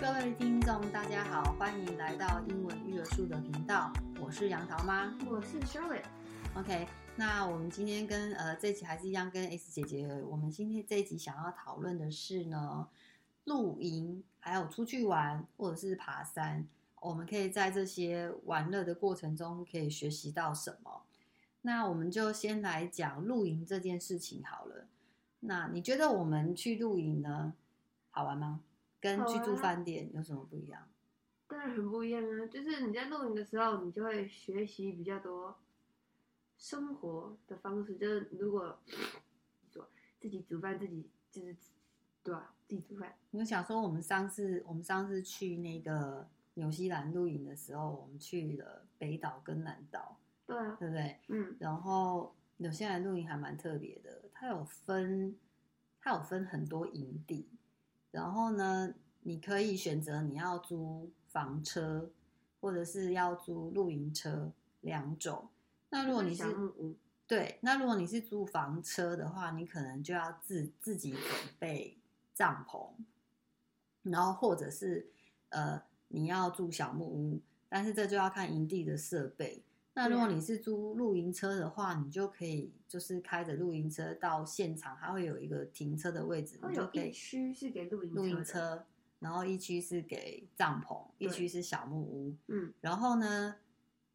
各位聽眾，大家好，歡迎來到英文育兒樹的頻道，我是楊桃媽，我是 Shirley。OK，那我們今天跟呃這集還是一樣，跟 S 姐姐，我們今天這一集想要討論的是呢，露營，還有出去玩或者是爬山，我們可以在這些玩樂的過程中可以學習到什麼？那我們就先來講露營這件事情好了。那你覺得我們去露營呢，好玩嗎？跟去住飯店有什麼不一樣？哦啊，當然很不一樣啊！就是你在露營的時候，你就會學習比較多生活的方式。就是如果自己煮飯，自己就是對啊，自己煮飯。我想說，我們上次我們上次去那個紐西蘭露營的時候，我們去了北島跟南島，對啊，對不對？嗯。然後紐西蘭露營還蠻特別的，它有分，它有分很多營地。然後呢，你可以選擇你要租房車，或者是要租露營車兩種。那如果你是，對，那如果你是租房車的話，你可能就要自自己準備帳篷，然後或者是呃你要住小木屋，但是這就要看營地的設備。那如果你是租露營車的話，你就可以就是開着露營車到現場，它會有一個停車的位置，你就可以。一區是給露營露營車，然後一區是給帳篷，一區是小木屋。嗯。然後呢，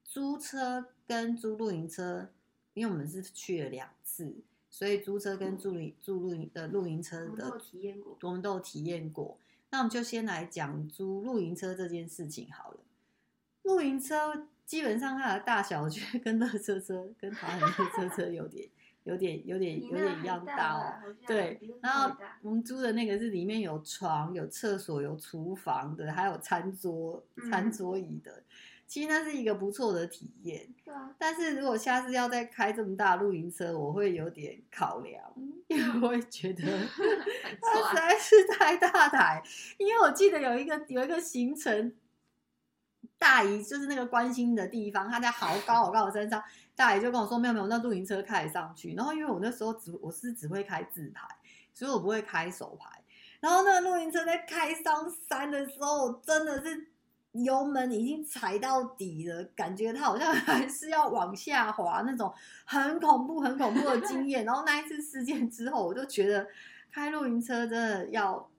租車跟租露營車，因為我們是去了兩次，所以租車跟租露租露營的露營車的我們都有體驗過，我們都體驗過。那我們就先來講租露營車這件事情好了，露營車。基本上它的大小我覺得跟垃圾車、跟台灣垃圾車有， 有點、有點、有點、啊、有點一樣大哦、喔啊。對，然後我們租的那個是裡面有床、有廁所、有廚房的，還有餐桌、餐桌椅的。嗯、其實那是一個不錯的體驗。對啊，但是如果下次要再開這麼大露營車，我會有點考量， 因為我會覺得、 啊、它實在是太大台。因為我記得有一個有一個行程。大姨就是那個關心的地方，他在好高好高的山上，大姨就跟我說：“沒有沒有，那露營車開得上去。”然後因為我那時候只我是只會開自排，所以我不會開手排。然後那個露營車在開上山的時候，真的是油門已經踩到底了，感覺它好像還是要往下滑那種很恐怖、很恐怖的經驗。 然後那一次事件之後，我就覺得開露營車真的要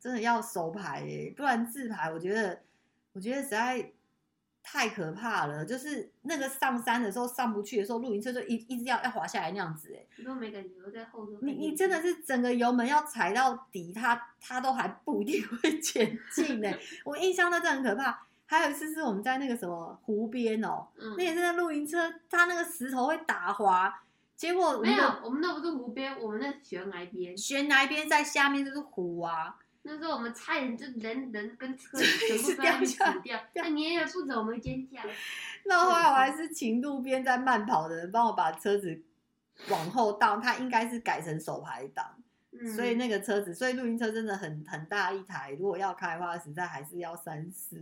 真的要手排欸，不然自排，我覺得我覺得實在。太可怕了！就是那個上山的時候上不去的時候，露營車就一一直要要滑下來那樣子哎。你都沒感覺在後頭？你你真的是整個油門要踩到底，它它都還不一定會前進哎 我印象那真的很可怕。還有一次是我們在那個什麼湖邊哦，嗯，那也是在露營車，它那個石頭會打滑，結果沒有，我們那不是湖邊，我們那懸崖邊，懸崖邊在下面就是湖啊。那時候我們差點就人人跟車全部都掉， 掉下，掉下。那你也負責我們尖叫。 那後來我還，還是請路邊在慢跑的人幫我把車子往後倒，他應該是改成手排檔。嗯，所以那個車子，所以露營車真的很很大一台。如果要開的話，實在還是要三思。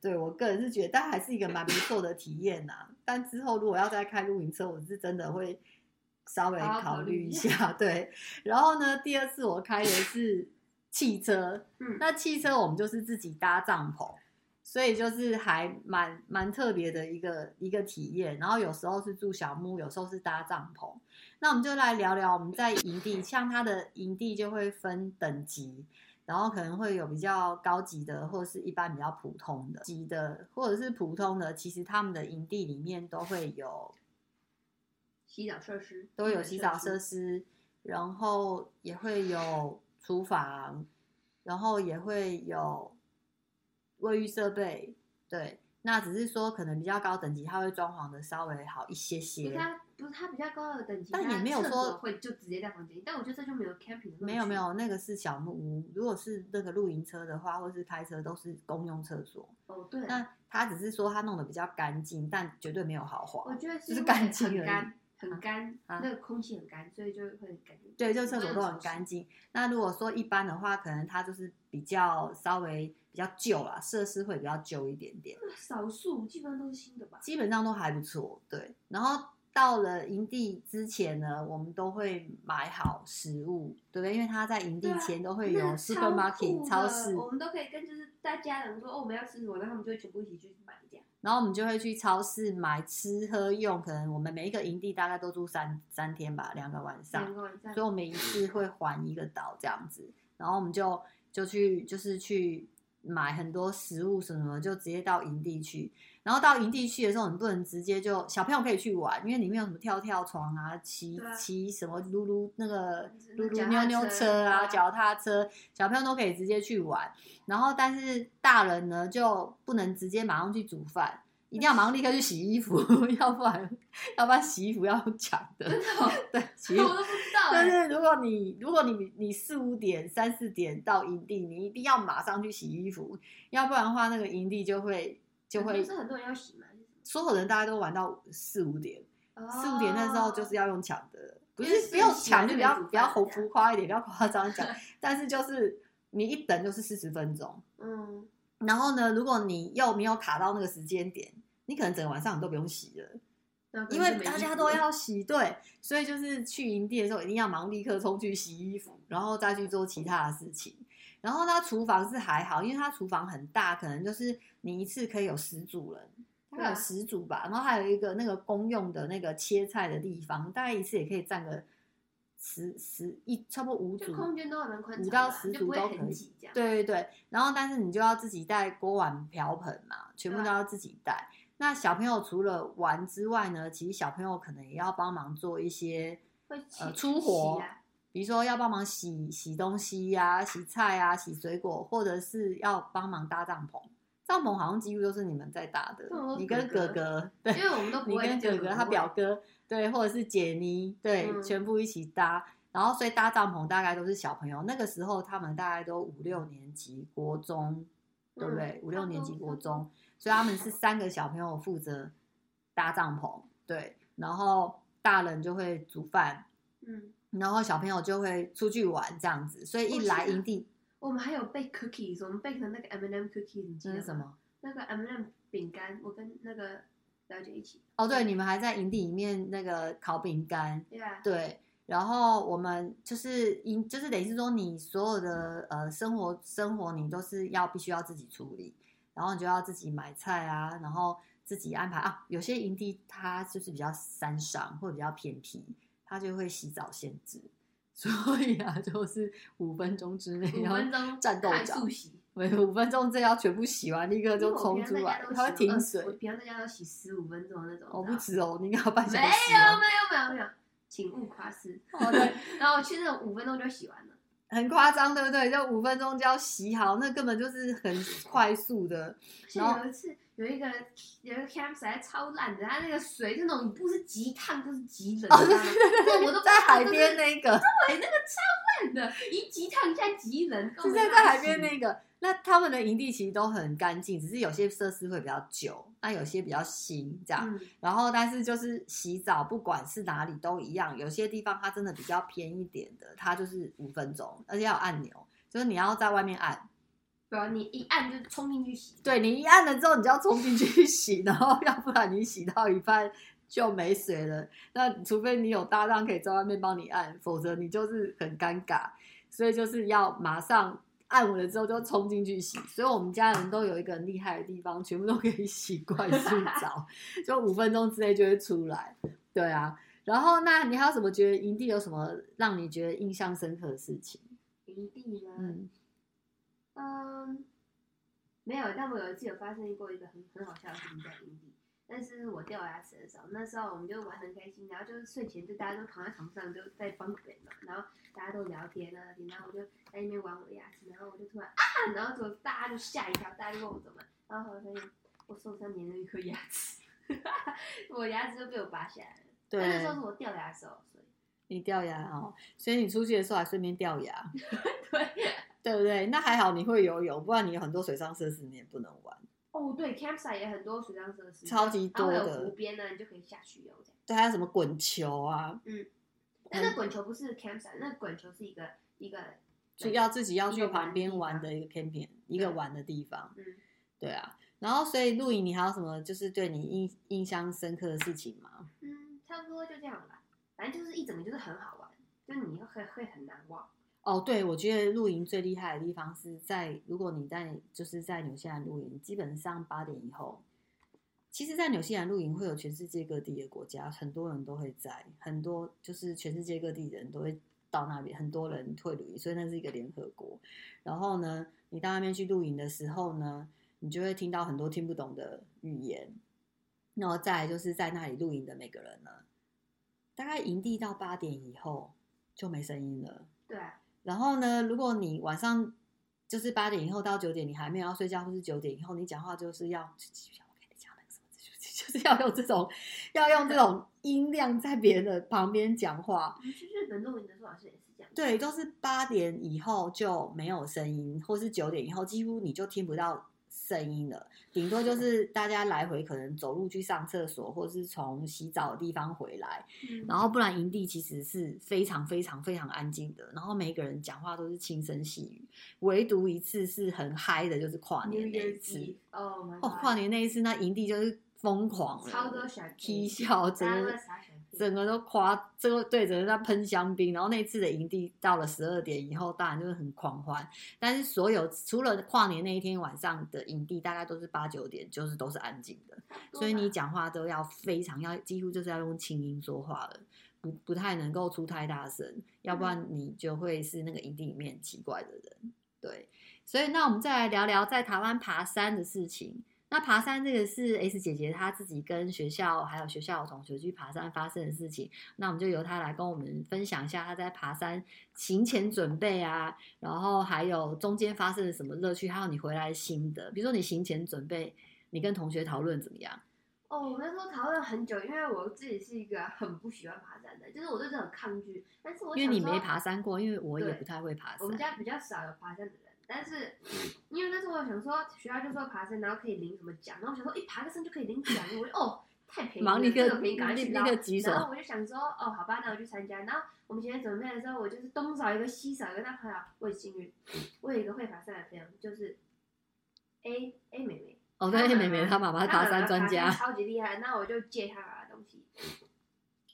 對，我個人是覺得，但還是一個蠻不錯的體驗吶、啊。 但之後如果要再開露營車，我是真的會稍微考慮一下。對， 然後呢，第二次我開的是。 汽車，嗯，那汽車我們就是自己搭帳篷，所以就是還蠻蠻特別的一個一個體驗。然後有時候是住小木，有時候是搭帳篷。那我們就來聊聊我們在營地，像他的營地就會分等級，然後可能會有比較高級的，或是一般比較普通的級的，或者是普通的。其實他們的營地裡面都會有洗澡設施，都有洗澡，洗澡設施，然後也會有。廚房，然後也會有衛浴設備。對，那只是說可能比較高等級，它會裝潢的稍微好一些些。它比較高等級，但也沒有說會就直接在房間。但我覺得這就沒有 camping。沒有沒有，那個是小木屋。如果是那個露營車的話，或是開車都是公用廁所。哦，對啊。那他只是說他弄得比較乾淨，但絕對沒有豪華。我覺得就是乾淨而已。很乾、啊，那個空氣很乾，所以就會感覺很乾淨。對，就廁所都很乾淨。那如果說一般的話，可能它就是比較稍微比較舊啦，設施會比較舊一點點。少數基本上都是新的吧。基本上都還不錯，對。然後到了營地之前呢，我們都會買好食物，對不對？因為他在營地前都會有 supermarket 超市，對啊，那個超酷的。超市，我們都可以跟就是大家人說哦，我們要吃什麼，然後他們就會全部一起去買。然後我們就會去超市買吃喝用，可能我們每一個營地大概都住三三天吧兩，兩個晚上，所以我們每一次會環一個島這樣子，然後我們就就去就是去買很多食物什麼，就直接到營地去。然後到營地去的時候，很多人直接就小朋友可以去玩，因為裡面有什麼跳跳床啊、騎騎什麼嚕嚕那個嚕嚕扭扭車啊、腳踏車，小朋友都可以直接去玩。然後，但是大人呢就不能直接馬上去煮飯，一定要馬上立刻去洗衣服，要不然要不然洗衣服要搶的。真的，對洗衣服，我都不知道。但是如果你如果你你四五點、三四點到營地，你一定要馬上去洗衣服，要不然的話，那個營地就會。就是很多人要洗嘛，所有人大家都玩到四五點，四五點，oh, 四五點那時候就是要用搶的，oh. 不是不要搶就比較比較浮誇一點，比較誇張講。 但是就是你一等就是四十分鐘， 嗯，然後呢，如果你又沒有卡到那個時間點，你可能整個晚上你都不用洗了，嗯、因為大家都要洗，對，所以就是去營地的時候一定要忙，立刻衝去洗衣服， 然後再去做其他的事情。然後他廚房是還好，因為他廚房很大，可能就是你一次可以有十組人，大概、啊、有十組吧。然後還有一個那個公用的那個切菜的地方，大概一次也可以佔個十十一，差不多五組。空間都還蠻寬敞、啊、五到十組都可以。對對對。然後但是你就要自己帶鍋碗瓢盆嘛，全部都要自己帶、啊。那小朋友除了玩之外呢，其實小朋友可能也要幫忙做一些，啊、呃，粗活。比如說要幫忙洗洗東西呀、啊、洗菜啊、洗水果，或者是要幫忙搭帳篷。帳篷好像幾乎都是你們在搭的哥哥，你跟哥哥，對，因為我們都不會，你跟哥哥、他表哥，對，或者是姐妮，對、嗯，全部一起搭。然後所以搭帳篷大概都是小朋友那個時候，他們大概都五六年級，國中，對不對？嗯、不五六年級國中，所以他們是三個小朋友負責搭帳篷，對，然後大人就會煮飯，嗯。然後小朋友就會出去玩這樣子，所以一來營地，哦啊、我們還有背 cookies，我們背的那個 M&M cookies，你記得什麼？那個 M&M 餅乾，我跟那個表姐一起。哦對，對，你們還在營地裡面那個烤餅乾，嗯、對對，然後我們就是營，就是等於是說你所有的呃生活生活，生活你都是要必須要自己處理，然後你就要自己買菜啊，然後自己安排啊。有些營地它就是比較山上或者比較偏僻。他就會洗澡限制，所以啊，就是五分鐘之內要戰鬥澡，對，五分鐘這要全部洗完，立刻就衝出來，他會停水。我平常在家都洗十五分鐘那種，我、哦、不止哦，你應該要半小時、啊。沒有沒有沒有沒有，請勿誇飾。對、 okay，然後其實五分鐘就洗完了， 很誇張對不對？就五分鐘就要洗好，那根本就是很快速的。 然後有一次。 有一個有一個 campsite 還超爛的，它那個水那種不是極燙就是極冷的，哦、的、那個、都在海邊那個，對、就是那個欸，那個超爛的，一極燙一下極冷。就是在海邊那個，那他們的營地其實都很乾淨，只是有些設施會比較舊那、啊、有些比較新這樣、嗯。然後但是就是洗澡，不管是哪裡都一樣，有些地方它真的比較偏一點的，它就是五分鐘，而且要有按鈕，就是你要在外面按。對啊，你一按就衝進去洗。對，你一按了之後，你就要衝進去洗，然後要不然你洗到一半就沒水了。那除非你有搭檔可以在外面幫你按，否則你就是很尷尬。所以就是要馬上按完了之後就衝進去洗。所以我們家人都有一個很厲害的地方，全部都可以洗快洗澡， 就五分鐘之內就會出來。對啊，然後那你還有什麼覺得營地有什麼讓你覺得印象深刻的事情？營地呢？嗯。嗯，沒有，但我有一次有發生過一個很很好笑的事情在營地，但是我掉牙齒的時候，那時候我們就玩很開心，然後就是睡前就大家都躺在床上就在蹦腿嘛，然後大家都聊天啊，然後我就在那邊玩我的牙齒，然後我就突然啊，然後就大家就嚇一跳，大家就問我怎麼？然後後來發現我手上粘了一顆牙齒，我牙齒都 被我拔下來了。對，對，但那時候是我掉牙的時候，所以你掉牙哦，所以你出去的時候還順便掉牙， 對。對不對？那還好你會游泳，不然你有很多水上設施你也不能玩。哦，對，campsite 也很多水上設施，超級多的，湖邊呢，你就可以下去游。對，還有什麼滾球啊？嗯，那個滾球不是 campsite，那滾球是一個一個，個，就要自己要去旁邊玩的一個 camping 一個玩的地方。嗯，對啊。然後，所以露營，你還有什麼就是對你印印象深刻的事情嗎？嗯，差不多就這樣吧。反正就是一整個就是很好玩，就是你會會很難忘。哦、oh，對，我覺得露營最厲害的地方是在，如果你在就是在紐西蘭露營，基本上八點以後，其實，在紐西蘭露營會有全世界各地的國家，很多人都會在，很多就是全世界各地的人都會到那邊，很多人退旅，所以那是一個聯合國。然後呢，你到那邊去露營的時候呢，你就會聽到很多聽不懂的語言，然後再來就是在那裡露營的每個人呢，大概營地到八點以後就沒聲音了，對、啊。然後呢，如果你晚上就是八點以後到九點，你還沒有要睡覺，或是九點以後你講話，就是要就是要用這種，要用這種音量在別人的旁邊講話。日本的也是對，都、就是八點以後就沒有聲音，或是九點以後幾乎你就聽不到。聲音了，頂多就是大家來回可能走路去上廁所，或是從洗澡的地方回來，嗯、然後不然營地其實是非常非常非常安靜的，然後每個人講話都是輕聲細語，唯獨一次是很嗨的，就是跨年那一次。Oh、哦，跨年那一次，那營地就是瘋狂了，嬉笑真的。整個都誇，這個對着在噴香檳，然後那次的營地到了十二點以後，當然就是很狂歡。但是所有除了跨年那一天晚上的營地，大概都是八九點，就是都是安靜的，嗯、所以你講話都要非常要，幾乎就是要用輕音說話了，不不太能夠出太大聲，要不然你就會是那個營地裡面奇怪的人。對，所以那我們再來聊聊在台灣爬山的事情。那爬山這個是 S 姐姐，她自己跟學校還有學校的同學去爬山發生的事情，那我們就由她來跟我們分享一下她在爬山行前準備啊，然後還有中間發生了什麼樂趣，還有你回來心得。比如說你行前準備，你跟同學討論怎麼樣？哦，我們那時候討論很久，因為我自己是一個很不喜歡爬山的，就是我對這很抗拒。但是我，我因為你沒爬山過，因為我也不太會爬山，我們家比較少有爬山的人。但是，因為那時候我想說，學校就說爬山，然後可以領什麼獎，然後我想說，一爬個山就可以領獎， 我就哦，太便宜了，便宜到，然後我就想說，哦，好吧，那我去參加。然後我們今天準備的時候，我就是東找一個，西找一個，那朋友我很幸運，我有一個會爬山的朋友，就是，A A 妹妹哦，對，okay，妹妹，她媽媽是爬山專家，超級厲害，那我就借她，她東西，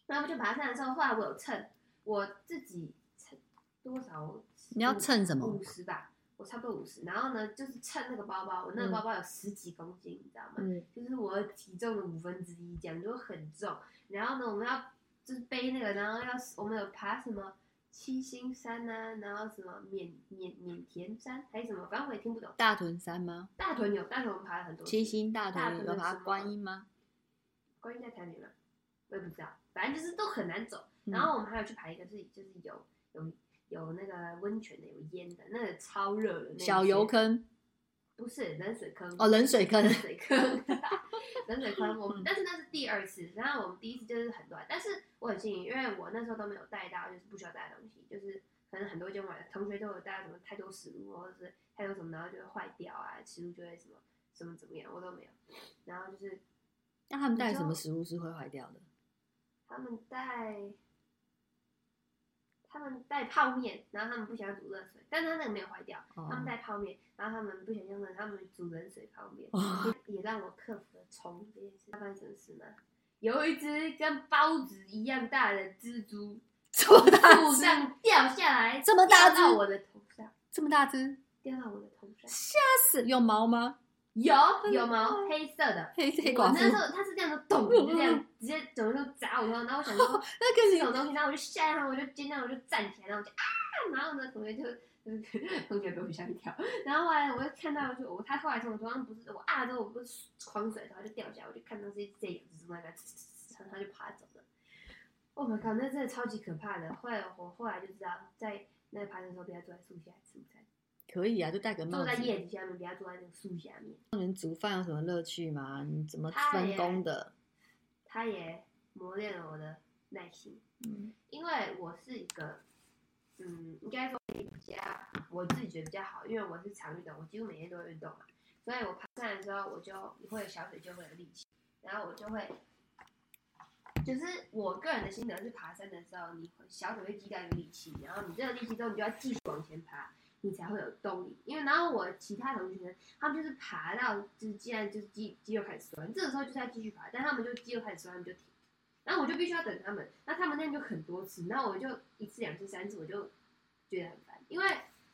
那我們就爬山的時候，後來我有稱，我自己稱多少？你要稱什麼？五十吧。我差不多五十，然後呢，就是稱那個包包，我那個包包有十幾公斤，嗯、你知道嗎、嗯？就是我體重的五分之一，這樣就很重。然後呢，我們要就是背那個，然後要我們有爬什麼七星山吶、啊，然後什麼緬緬面天山還是什麼，反正我也聽不懂。大屯山嗎？大屯有大屯、嗯，我們爬了很多。七星大屯，我們爬觀音嗎？觀音在台閩嗎？我也不知道，反正就是都很難走。然後我們還要去爬一個，是就是有、嗯、有。有那個溫泉的，有煙的，那個超熱的那。小油坑，不是冷水坑哦，冷水坑，oh, 冷水坑，冷水坑 冷水坑，我們 但是那是第二次，然後我們第一次就是很多，但是我很幸運，因為我那時候都沒有帶到，就是不需要帶的東西，就是可能很多就玩，同學都有帶什麼太多食物，或者是太多什麼，然後就會壞掉啊，食物就會什麼怎麼怎麼樣，我都沒有。然後就是，那他們帶什麼食物是會壞掉的？他們帶。他們帶泡麵，然後，他們不喜歡煮熱水，但是他那個沒有壞掉。Oh. 他們帶泡麵，然後，他們不喜歡用，他們煮冷水泡麵，oh.，也讓我克服了蟲、就是、這件事。發生什麼？有一隻跟包子一樣大的蜘蛛從樹上掉下來，這麼大隻，我的頭上這麼大隻，掉到我的頭上，嚇死！有毛嗎？有有毛，黑色的，黑色光。黑，那時候他是這樣子咚，咚這樣直接，走的時候砸我頭上。然後我想說，那更是一種東西？然後我就嚇一跳，我就尖叫，我就站起來，然後我就啊！然後那同學就，就是、同學都嚇一跳。 然後後來我就看到，就我他後來說，我頭上不是我啊，之後我不是狂甩，然後就掉下來，我就看到是一只樣子，那個然後就爬走了。我靠，那真的超級可怕的。後來我後來就知道，在那爬的時候，要出出吃不要坐在樹下，吃午餐。可以啊，就戴個帽子。坐在葉子下面，不要坐在那個樹下面。那你煮飯有什麼樂趣嗎？你怎麼分工的？他也，他也磨練了我的耐心。嗯，因為我是一個，嗯，應該說比較，我自己覺得比較好，因為我是常運動，我幾乎每天都會運動嘛。所以我爬山的時候我，我就會有小腿就會有力氣，然後我就會，就是我個人的心得是，爬山的時候，你小腿會積掉有力氣，然後你這個力氣之後，你就要繼續往前爬。你才會有動力，因為然後我其他同學他們就是爬到，就是既然就是肌肌肉開始酸，這個時候就是要繼續爬，但他們就肌肉開始酸，他們就停。然後我就必須要等他們，那他們那樣就很多次，然後我就一次兩次三次，我就覺得很煩，因為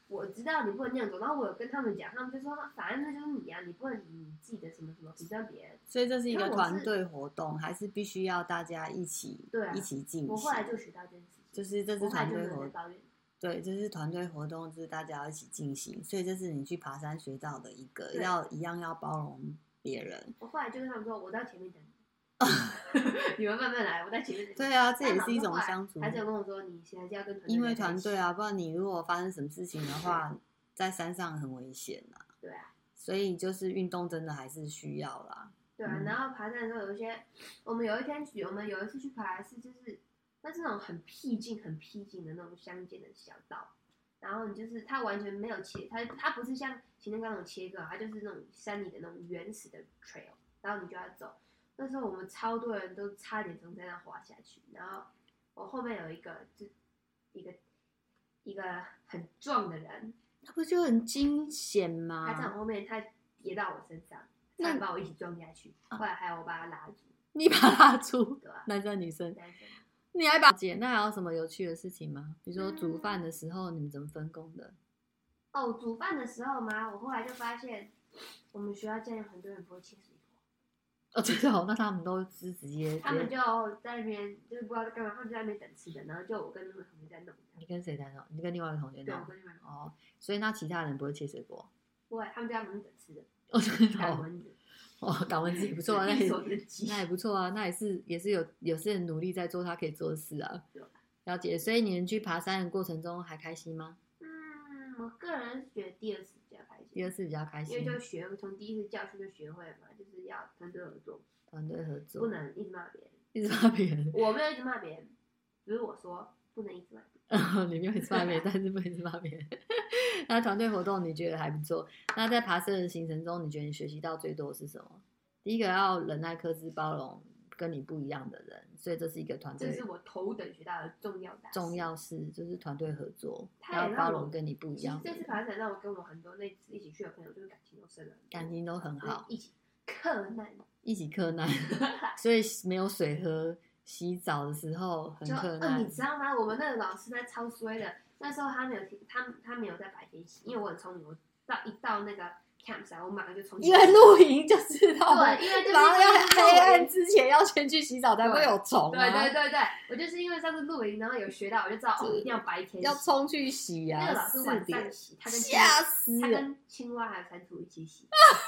我知道你不能那樣走。然後我跟他們講，他們就說：“反正那就是你呀、啊，你不能你記得什麼什麼指責別人。”所以這是一個團隊活動，還是必須要大家一起對啊，一起進行。我後來就學到這件事情，就是這是團隊活動。對，這、就是團隊活動，就是大家一起進行，所以這是你去爬山學到的一個，要一樣要包容別人。我後來就跟他們說，我在前面等你， 你們慢慢來，我在前面等你。對啊，這也是一種相處。啊、還是有跟我說，你現在就要跟團隊。因為團隊啊，不然你如果發生什麼事情的話，在山上很危險啊。對啊，所以就是運動真的還是需要啦。對啊，嗯、然後爬山的時候，有一些，我們有一天去，我們有一次去爬是就是。那這種很僻靜、很僻靜的那種鄉間的小道，然後你就是它完全沒有切，它他，他不是像前面那種切割，它就是那種山裡的那種原始的 trail，然後你就要走。那時候我們超多人都差點從山上滑下去，然後我後面有一個就一個一個很壯的人，他不就很驚險嗎？他在我後面，他跌到我身上，嗯、他就把我一起撞下去，啊，後來還有我把他拉住。你把他拉住，對吧、啊？你男生女生。你來把姐。那還有什麼有趣的事情嗎？比如說煮飯的時候、嗯、你們怎麼分工的？哦，煮飯的時候嗎？我後來就發現，我們學校竟然有很多人不會切水果。哦，對哦？那他們都是直接？他們就在那邊，就是不知道在幹嘛，他們在那邊等吃的，然後就我跟他們同學在弄。你跟誰在弄？你跟另外一個同學，在弄，對，我跟另外一個同學在弄。哦。所以那其他人不會切水果？不會，他們就在那邊等吃的。哦，真的哦。哦，打文字也不錯啊，那也那也不錯啊，那也是也是有有些人努力在做他可以做的事啊。了解，所以你們去爬山的過程中還開心嗎？嗯，我個人覺得第二次比較開心，第二次比較開心，因為就學從第一次教訓就學會了嘛，就是要團隊合作，團隊合作，不能一直罵別人，一直罵別人。我沒有一直罵別人，只是我說不能一直罵別人。裡面是拉麵，但是不是拉麵。 那團隊活動你覺得還不錯？那在爬山的行程中，你覺得你學習到最多的是什麼？第一個要忍耐、克制、包容跟你不一樣的人，所以這是一個團隊。這個、是我頭等學到的重要。重要是就是團隊合作，他、哎、要包容跟你不一樣。這次爬山讓我跟我很多那次一起去的朋友，就是感情都深了，感情都很好，一起克難，一起克難， 所以沒有水喝。洗澡的時候很，很，嗯、啊，你知道嗎？我們那個老師在超衰的，那時候他沒有，他他沒有在白天洗，因為我很聰明，我到一到那個 camp 我馬上就衝，因為露營就知道，了， 因為就是，要黑暗之前要先去洗澡，才會有蟲、啊。對對對對，我就是因為上次露營，然後有學到，我就知道就哦，一定要白天洗，要衝去洗呀、啊。那個老師晚上洗，他跟，嚇死他跟青蛙還有蟾蜍一起洗。啊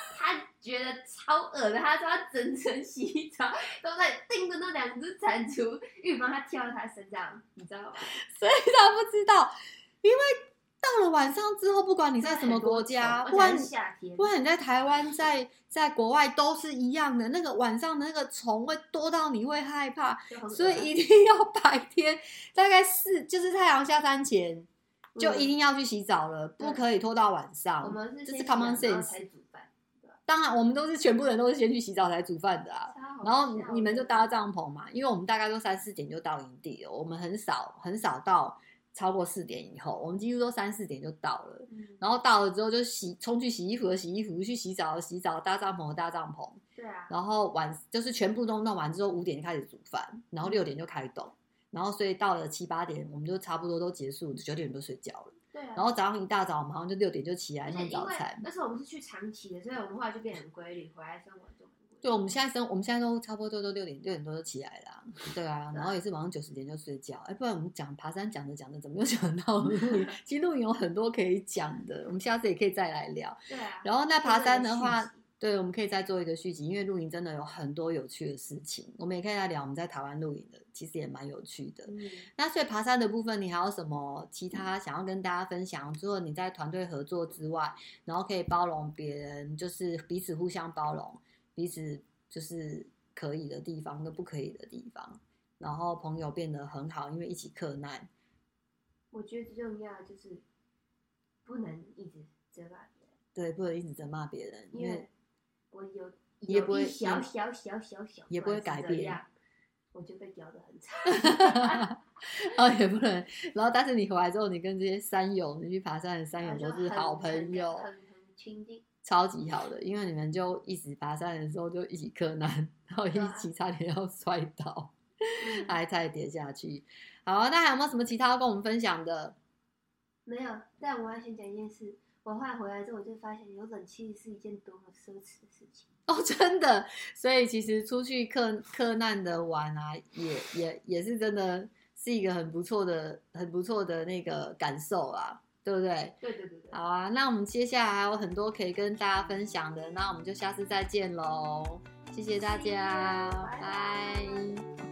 覺得超惡的，他說他整整洗澡都在盯着那兩隻蟾蜍，預防他跳到他身上，你知道嗎？所以他不知道，因為到了晚上之後，不管你在什麼國家，太太不管不管你在台灣，在在國外都是一樣的，那個晚上的那個蟲會多到你會害怕，啊、所以一定要白天，大概是就是太陽下山前、嗯、就一定要去洗澡了，不可以拖到晚上，這、就是 common sense。嗯當然，我們都是全部人都是先去洗澡才煮飯的啊。然後你們就搭帳篷嘛，因為我們大概都三四點就到營地了。我們很少很少到超過四點以後，我們幾乎都三四點就到了。然後到了之後就洗沖去洗衣服的洗衣服，去洗澡洗澡，搭帳篷的搭帳篷。對啊。然後晚就是全部都弄完之後，五點開始煮飯，然後六點就開動，然後所以到了七八點我們就差不多都結束，九點都睡覺了。啊、然後早上一大早，我們好像就六點就起來弄早餐。但是我們是去長期的，所以文化就變成規律。回來生活中對，我們現在生，我們現在都差不多都六點六點多就起來啦、啊、對啊。然後也是晚上九十點就睡覺。哎、欸，不然我們講爬山講著講著，講着講着怎麼又講到？其實露營有很多可以講的，我們下次也可以再來聊。對啊。然後那爬山的話。對，我們可以再做一個續集，因為露營真的有很多有趣的事情，我們也可以來聊。我們在台灣露營的，其實也蠻有趣的。嗯。那所以爬山的部分，你還有什麼其他想要跟大家分享？除了你在團隊合作之外，然後可以包容別人，就是彼此互相包容，彼此就是可以的地方跟不可以的地方，然後朋友變得很好，因為一起克難。我覺得最重要就是不能一直責罵別人，對，不能一直責罵別人，因為。我有，也不會，小小小小小，小也不會改變。我就被刁得很慘。然 後、 哦、也不能，然後但是你回來之後，你跟這些山友，你去爬山的山友都是好朋友，超級好的，因為你們就一起爬山的時候就一起克難，然後一起差點要摔倒、啊，還差點跌下去。好，那還有沒有什麼其他要跟我們分享的？沒有，但我要先講一件事。我來回來之後，我就發現有冷氣是一件多麼奢侈的事情哦，真的。所以其實出去克克難的玩啊，也也也是真的是一個很不錯的、很不錯的那個感受啦、啊，對不對？對對對對。好啊，那我們接下來還有很多可以跟大家分享的，那我們就下次再見嘍，謝謝大家，謝謝拜拜。拜拜